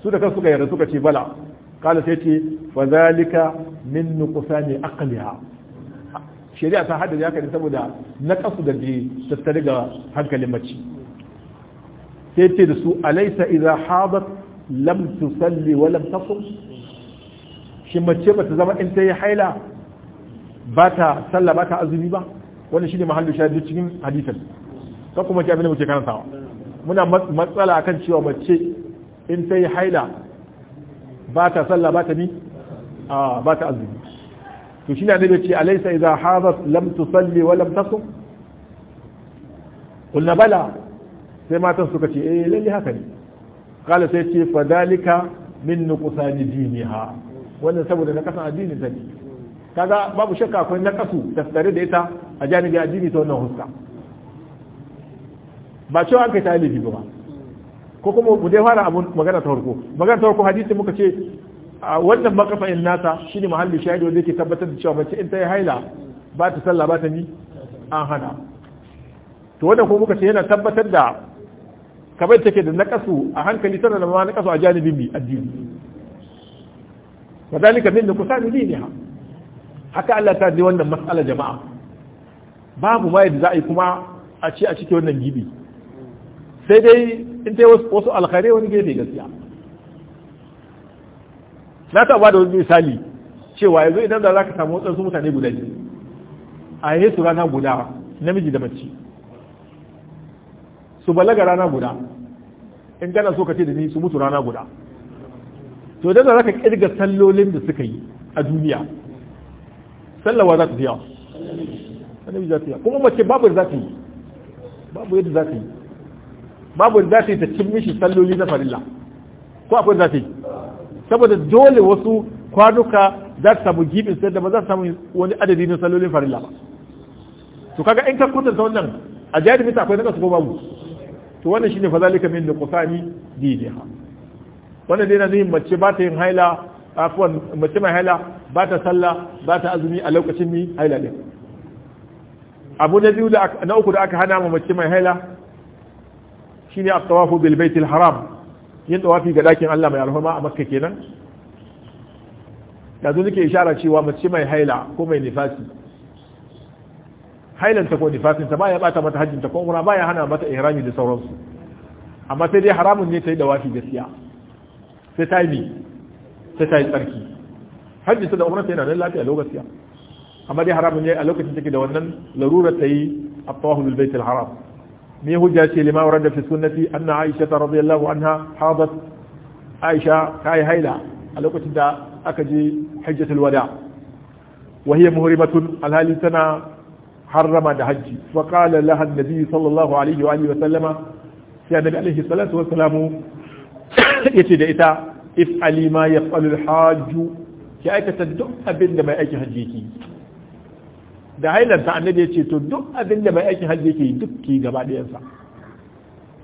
su da kansu yarda suka ce bala kala sai ce fa zalika min nuqsani aqliha shari'a ta haddada haka ne saboda na da ga hankalin mace sai ce da su alaysa lam tusalli wa lam tasum shi mace ba ta zama in ta yi haila ba ta sallah ba ta azumi ba wannan shine mahallu shahid cikin hadisan. ka kuma ki abin da muke karantawa muna matsala akan cewa mace in ta yi haila ba ta sallah ba ta bi ba ta azumi to shine da ce alaysa idha hadath lam tusalli wa lam tasum qulna bala sai matan suka ce eh lalle haka ne kala sai ce fadalika min nuqsani diniha wannan saboda na kasa addini ta ne kaga babu shakka akwai nakasu tattare da ita a janibi addini ta wannan huska ba ce an kai talibi ba ko kuma mu dai fara abun magana ta farko magana ta farko hadisi muka ce wannan makafa in nata shine muhalli shahidi wanda yake tabbatar da cewa mace in ta yi haila ba ta sallah ba ta ni an hana to wannan ko muka ce yana tabbatar da kamar take da nakasu a hankali tana da ma nakasu a janibin bi addini dalika min da kusani diniha haka Allah ta ji wannan mas'ala jama'a babu ma da za a yi kuma a ce a cikin wannan gibi sai dai in ta wasu alkhare wani gefe gaskiya na ta ba da wani misali cewa yanzu idan da za ka samu wasu mutane guda biyu a yi su rana guda namiji da mace su balaga rana guda in gana so ka ce da ni su mutu rana guda to da za ka kirga sallolin da suka yi a duniya sallawa za ta fiya annabi za ta yi kuma mace babu za ta yi babu yadda za ta yi babu za ta yi ta cin mishi salloli na farilla ko akwai za ta yi saboda dole wasu kwanuka za ta samu gibin sai da ba za ta samu wani adadi na sallolin farilla ba to kaga in ka kwatanta wannan a jihar mita akwai na kasu ko babu to wannan shine fa zalika min liqsani diniha wannan dai na nuna mace ba ta yin haila afwan mace mai haila ba ta sallah ba ta azumi a lokacin mi haila ne abu na biyu na uku da aka hana ma mace mai haila shine at-tawafu bil bayt al-haram yin tawafi ga dakin Allah mai alhama a Makka kenan yanzu nake isharar cewa mace mai haila ko mai nifasi hailanta ko nifasinta ya bata mata hajjinta ko umra ya hana mata ihrami da sauransu amma sai dai haramun ne ta yi dawafi gaskiya sai ta yi sai ta yi tsarki hajjinta da umra ta yana nan lafiya lau gaskiya amma dai haramun ne a lokacin take da wannan larurar ta yi a tawahul bait al haram me hujja ce lima warada fi sunnati anna aisha ta radiyallahu anha hadat aisha ta yi haila a lokacin da aka je hajjatul wada wa hiya muhrimatun alhali tana harrama da hajji wa qala da ita if alima yaqalu al-hajj ki aikata duk abin da mai aiki hajji yake da hailanta annabi da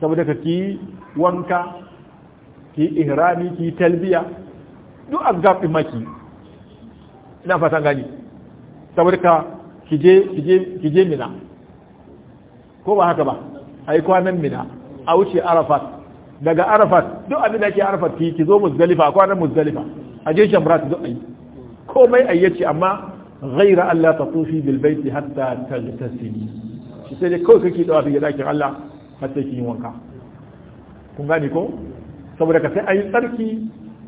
saboda ka ki wanka ki ihrami ki talbiya duk maki ina gani saboda ka ki je ki je ki je mina ko ba haka ba Ayi kwanan mina a wuce arafat daga arafat duk abin da ke arafat ki ki zo muzdalifa kwanan muzdalifa a je shamrat duk ayi. komai ayyace amma ghaira Allah tatufi bil baiti hatta taghtasili shi sai dai kawai kake dawa daga dakin Allah har sai kin wanka kun gane ko saboda ka sai ayi tsarki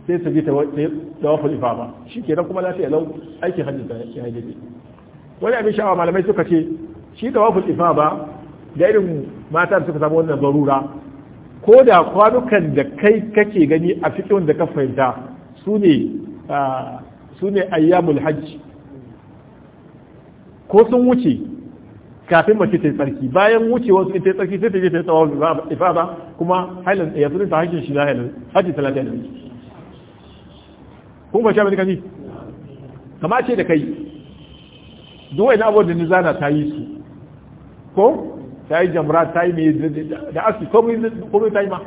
sai su bi ta dawa fulifa ba kuma lafiya lau aikin hajji da ya daidai wani abin sha'awa malamai suka ce shi da wafin ifa ba da irin mata suka samu wannan barura ko da kwanukan da kai kake gani a fikin wanda ka fahimta su ne ayyamul hajji ko sun wuce kafin mace ta yi tsarki bayan wuce wasu ita tsarki sai ta je ta yi tsawon ba kuma hailan ya sunan ta hajjin shi na hailan hajji talatin da kun fashe mai kaji kama ce da kai duk wani abu da nizana ta yi su ko ta yi jamra ta yi mai da aski komai ta yi ma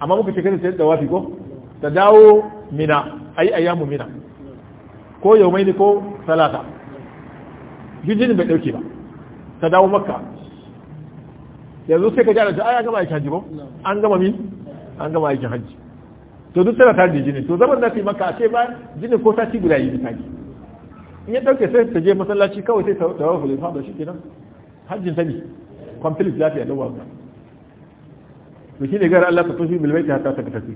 amma muka cikin ta da wafi ko ta dawo mina a yi ayyamu mina ko yau mai ko talata jijinin bai ɗauke ba ta dawo makka yanzu sai ka jara ta aya gama aikin hajji ba an gama min an gama aikin hajji to duk tana ta jijini to zaman na fi maka a ce ba jinin ko ta ci guda yi misali in ya ɗauke sai ta je masallaci kawai sai ta rawa fulifa da shi kenan hajjin sani complete lafiya da wannan to shine gara Allah ta tafi bil baiti hatta ta tafi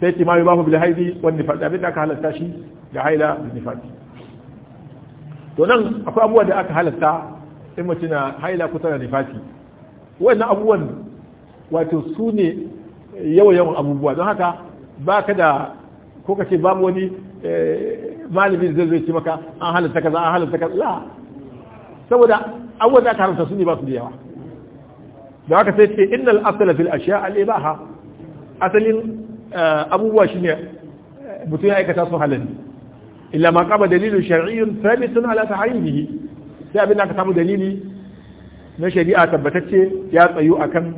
sai ki ma yi bahu bil haidi wan nifaq abin da aka halatta shi da haila da nifaq to nan akwai abubuwa da aka halatta in mace na haila kusa da nifaqi wannan abubuwan wato su ne yawa yawan abubuwa don haka ba ka da ko ka ce babu wani malami zai zai ci maka an halatta kaza an halatta kaza saboda abubuwan da aka haramta su ne ba su da yawa da haka sai ce innal asala fil ashiya al ibaha asalin eh, abubuwa shine eh, mutum ya aikata su halal illa ma shari'in dalilun sun thabitun ala tahrimihi sai abin da aka samu dalili na shari'a tabbatacce ya tsayu akan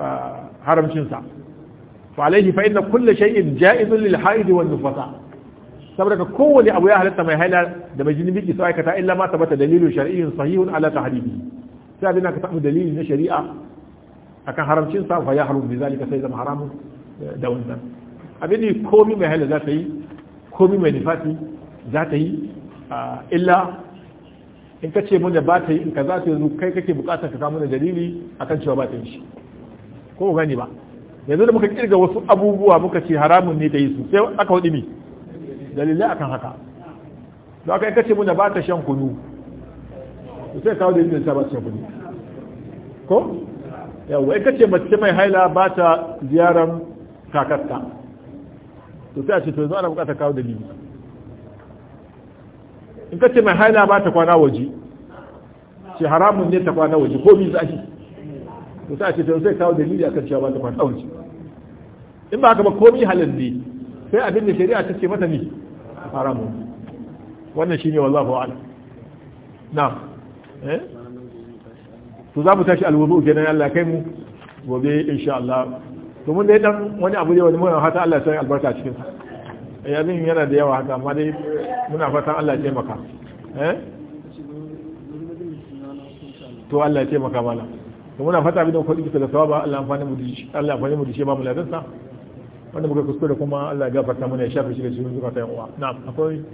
eh, haramcin sa fa alaihi fa inna kullu shay'in ja'izun lil haid wan nufasa saboda kowane abu ya halatta mai haila da mai jini biki sai aikata illa ma tabbata dalilun shar'iyyun sahihun ala tahrimi sai abin ka samu dalilin na shari'a akan haramcin sa fa ya haram bi zalika sai zama haramun eh, da wannan abin ne komi mai haila za ta yi komi mai nifati za ta yi ah, illa in ka ce mana ba ta yi in ka za ta yanzu kai kake bukatar ka samu da dalili akan cewa ba ta yi shi ko gani ba yanzu da muka kirga wasu abubuwa muka ce haramun ne ta yi su sai aka wadi ne dalilai akan haka da aka yi kace muna ba ta shan kunu sai kawo dalilin ta ba ta shan kunu ko yawa in kace mace mai haila ba ta ziyaran kakarta to sai a ce to yanzu ana bukata kawo dalili in kace mai haila ba ta kwana waje ce haramun ne ta kwana waje ko biyu zaki to sai a ce to sai kawo dalili akan cewa ba ta kwana waje in ba haka ba komai halin ne sai abin da shari'a ta ce mata ne haramun wannan shine wallahu a'lam na'am eh to za mu tashi alwudu kenan Allah kai mu gobe insha Allah to mun dai dan wani abu ne wani mun hata Allah sai albarka cikin sa ya eh, zin yana da yawa haka amma dai muna fatan Allah ya taimaka eh to Allah ya taimaka mana to muna fata bi da kuɗi da sawaba Allah ya amfani mu da shi Allah ya amfani mu da shi ba mu ladansa wanda muka kuskure kuma Allah ya gafarta mana ya shafi shi da shi zuwa ta yawa na akwai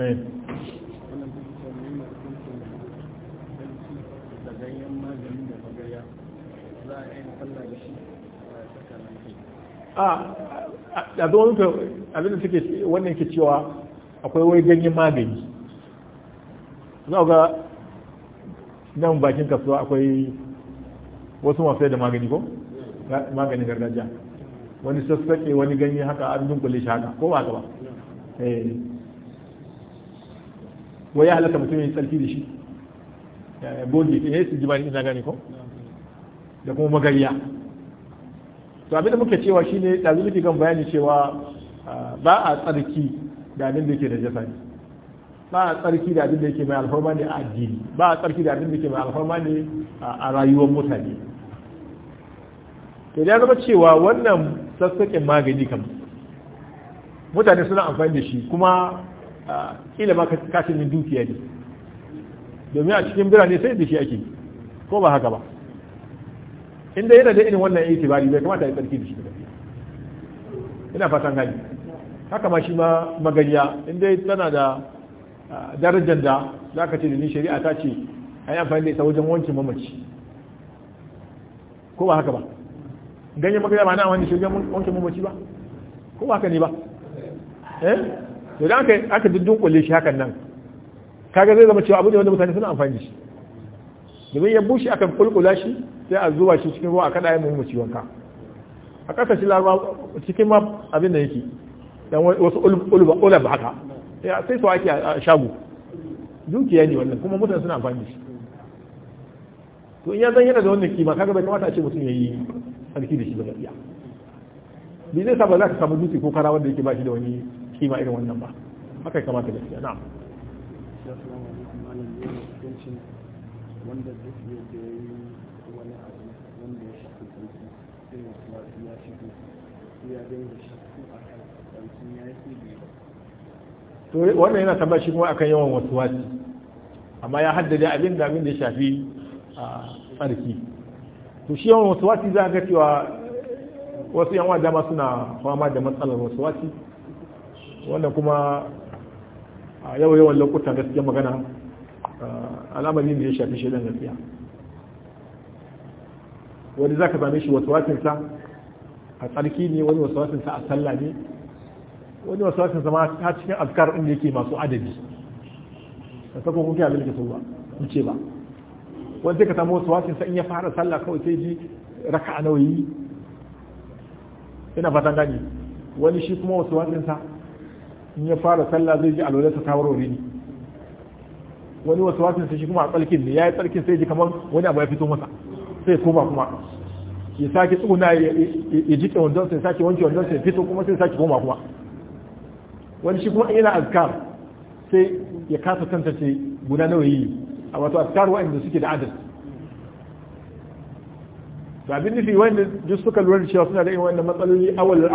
eh. a zuwa nuka abinda suke wannan ke cewa akwai wai ganyen magani za ga nan bakin kasuwa akwai wasu masu da magani ko maganin gargajiya wani sassaƙe wani ganye haka an dunkule shi haka ko ba gaba eh. wa ya halatta mutum yin tsarki da shi eh, bogi ya eh, yi su jibani ina gane ko da kuma magariya to abinda muke cewa shine ɗazu muke kan bayani cewa ah, ba a tsarki da abin da yake da jasa ne ba a tsarki da abin da yake mai alfarma ne a addini ba a tsarki da abin da yake mai alfarma ne a rayuwar mutane to da zama cewa wannan sassaƙin magani kan mutane suna amfani da shi kuma ƙila ma kashin dukiya ne domin a cikin birane sai da shi ake ko ba haka ba inda yana da irin wannan itibari bai kamata ya tsarki da shi da ina fatan gani haka ma shi ma magariya inda tana da darajar da za ka ce da ni shari'a ta ce a yi amfani da ita wajen wancan mamaci ko ba haka ba ganyen magarya yaba na wani shirgen wanke mamaci ba ko ba ka ne ba eh da aka aka kulle shi hakan nan kaga zai zama cewa abu ne wanda mutane suna amfani da shi domin ya bushe akan kulkula shi sai a zuwa shi cikin ruwa a kada ya mamaci wanka a shi larba cikin ma abin da yake dan wasu ulba haka sai su ake a shago dukiya ne wannan kuma mutane suna amfani shi to in ya zan yana da wannan kima kaga bai kamata a ce mutum ya yi tsarki da shi ba iya ni zai saba za ka samu dutse ko kara wanda yake ba shi da wani kima irin wannan ba haka kamata gaskiya na'am to wannan yana tambaya shi kuma akan yawan wasu wasi amma ya haddade abin da abin da ya shafi a ah, tsarki to shi yawan wasu wasi za a ga cewa wasu yan dama suna fama da matsalar wasu wasi wanda kuma a yau yawan lokutan gaskiya magana al'amari da ya shafi shaidan gaskiya wani za ka zane shi wasu wasinsa a tsarki ne wani wasu wasinsa a sallah ne wani wasu wasinsa ma ta cikin azkar inda yake masu adadi a sakon kuke abin da ke so ba ce ba wanda ka samu wasu wasu in ya fara sallah kawai sai ji raka a nauyi. ina fatan gani wani shi kuma wasu wasu sa in ya fara sallah zai ji alwalarsa ta warware ni wani wasu wasu sa shi kuma a tsarkin ne ya yi tsarkin sai ji kamar wani abu ya fito masa sai koma kuma ya sake tsuguna ya ji ke wandon sai sake wanke wandon sai fito kuma sai sake koma kuma wani shi kuma yana azkar sai ya kasa ce guda nawa yi a wato askar wa'anda suke da adal to abin nufi wanda duk suka lura da cewa suna da irin wannan matsaloli awal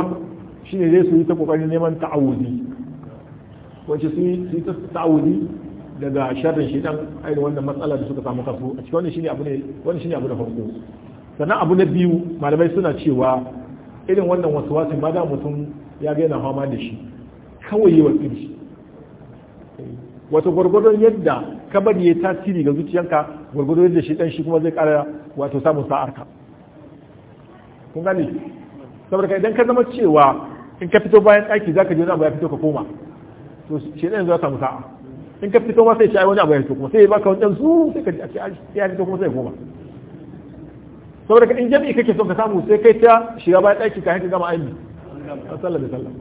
shi ne zai su yi ta kokarin neman ta'awudi wacce su yi ta ta'awudi daga sharrin shi dan ainihin wannan matsala da suka samu kasu a cikin wannan ne abu ne wannan ne abu na farko sannan abu na biyu malamai suna cewa irin wannan wasu wasu ba da mutum ya ga yana fama da shi kawai yi wa tsiri wato gwargwadon yadda ka bari ya tasiri ga zuciyanka gwargwado yadda shi dan shi kuma zai kara wato samun sa'arka kun gane saboda ka idan ka zama cewa in ka fito bayan ɗaki za ka je wani abu ya fito ka koma to shi ɗan za samu sa'a in ka fito ma sai shi wani abu ya fito kuma sai ya baka wani ɗansu sai ka ji a ya fito kuma sai ya koma saboda in jami'i kake son ka samu sai kai ta shiga bayan ɗaki ka hanka gama aini a sallah da sallah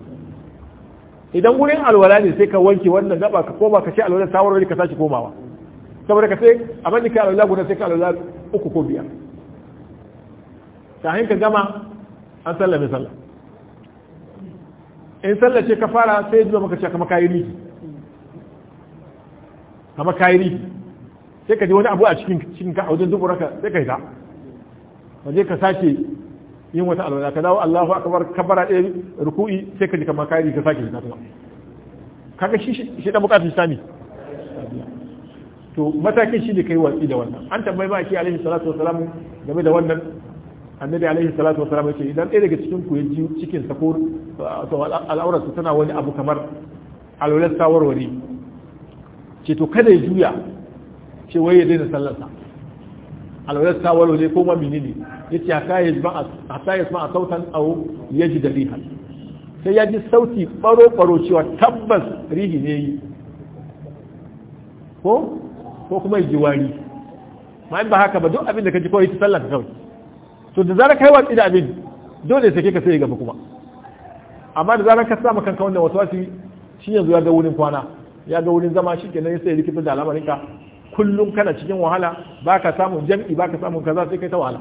idan gurin alwala ne sai ka wanke wannan gaba ka koma ka ce alwala sawarwari ka sashi komawa saboda ka sai a mani ka alwala guda sai ka alwala uku ko biyar kafin ka gama an sallame sallah in sallah ce ka fara sai zuwa maka ce kama kayi riki kama kayi riki sai ka ji wani abu a cikin cikin ka a wajen dubu raka sai ka yi ta ka ka sake. yin wata alwala ka dawo Allahu akbar kabara ɗaya ruku'i sai ka ji kamar kai ka sake shiga kuma kaga shi shi da bukatun sami to matakin shi ne kai watsi da wannan an tambayi ma shi alaihi salatu wasalam game da wannan annabi alaihi salatu wasalam yace idan ɗaya daga cikin ku ya ji cikin sa ko al'aurarsa tana wani abu kamar alwalar sawarwari ce to kada ya juya ce wai ya daina sallarsa alwalar sawarwari ko ma menene yace haka yajma haka yasma sautan aw yajid riha sai yaji sauti baro baro cewa tabbas rihi ne yi ko ko kuma ji wari ma ba haka ba duk abin da ka ji kawai sallah ka kawai to da zarar kai watsi da abin dole sai ka sai gaba kuma amma da zarar ka sa maka kanka wannan wasu shi yanzu ya ga wurin kwana ya ga wurin zama shi kenan sai likita da al'amarinka kullum kana cikin wahala baka samun jam'i baka samun kaza sai kai ta wahala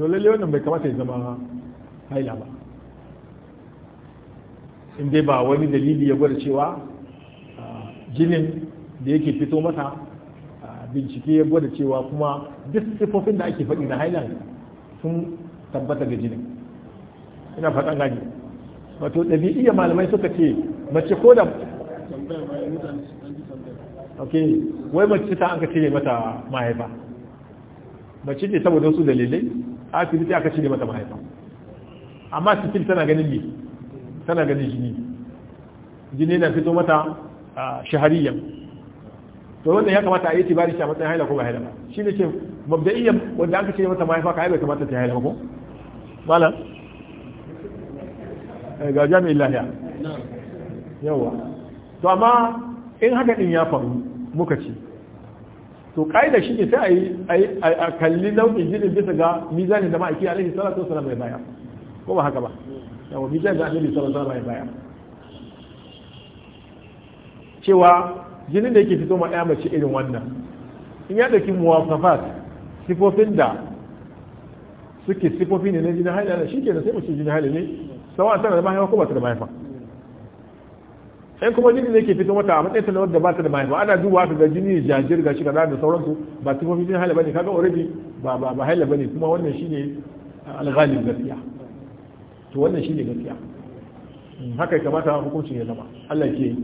to lalle wannan bai kamata ya zama haila ba in dai ba wani dalili ya gwada cewa jinin da yake fito mata bincike ya gwada cewa kuma duk sifofin da ake faɗi na haila sun tabbata ga jinin ina faɗan gani wato ɗabi'iyya malamai suka ce mace ko da ok wai mace ta an ka cire mata mahaifa mace ce saboda su dalilai asibiti aka shirya mata mahaifa amma sifil tana ganin ne tana ganin jini jini na fito mata shahariyan to wannan ya kamata a yi tibari shi a matsayin haila ko ba haila ba shi ne ce mabda'iyyan wanda aka shirya mata mahaifa ka haila mata ta haila ko malam eh, ga jami'in lahiya yawa to amma in haka din ya faru muka ce to kaida shi ne sai a kalli nau'in jinin bisa ga mizani da ma'aiki alaihi salatu wasallam mai baya ko ba haka ba yawa mizani da alaihi salatu wasallam mai baya cewa jinin da yake fito ma ɗaya mace irin wannan in ya ɗauki muwafafat sifofin da suke sifofi ne na jinin haila shi ke da sai mace jinin haila ne sawa tana da mahaifa ko ba ta da mahaifa in kuma jini ne ke fito mata a matsayin na da ba ta da mahaifa ana duba ka ga jini jajir ga shi kaza da sauransu ba mafi jini haila bane kaga already ba ba ba haila bane kuma wannan shine alghalib gaskiya to wannan shine gaskiya mm, haka ya kamata hukuncin ya zama Allah ke yi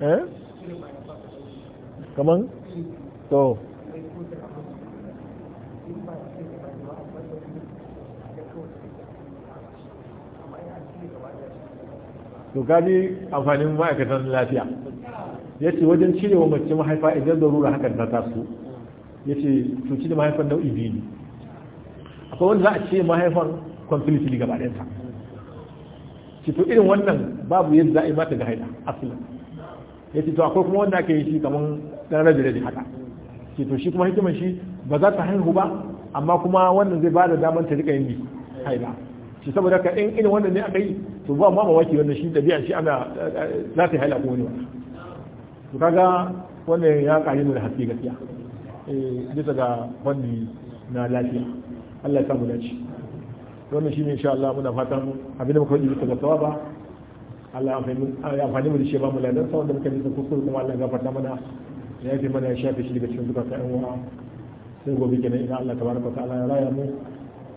eh kaman to to gani amfanin ma'aikatan lafiya ya ce wajen wa mace mahaifa idan zarura hakan ta taso ya ce to cire mahaifan nau'i biyu ne akwai wanda za a cire mahaifan completely gaba ɗayansa ce to irin wannan babu yadda za a yi mata da haida asalin ya ce to akwai kuma wanda aka yi shi kamar ɗan rabi rabi haka ce to shi kuma hikimar shi ba za ta haihu ba amma kuma wannan zai ba da damar ta riƙa yin haida shi saboda ka in irin wannan ne aka yi to ba ma mawaki wannan shi dabi'a shi ana za ta halaka wani wata to kaga wannan ya kare mu da haske gaskiya eh bisa ga fanni na lafiya Allah ya samu dace wannan shine insha Allah muna fatan abin da muka yi bisa ga sawaba Allah ya amfani mu da shi ba mu ladan sa wanda muka yi kusur kuma Allah ya gafarta mana ya yafi mana ya shafe shi daga cikin zukatan yan uwa sai gobe kenan idan Allah tabaraka ta'ala ya raya mu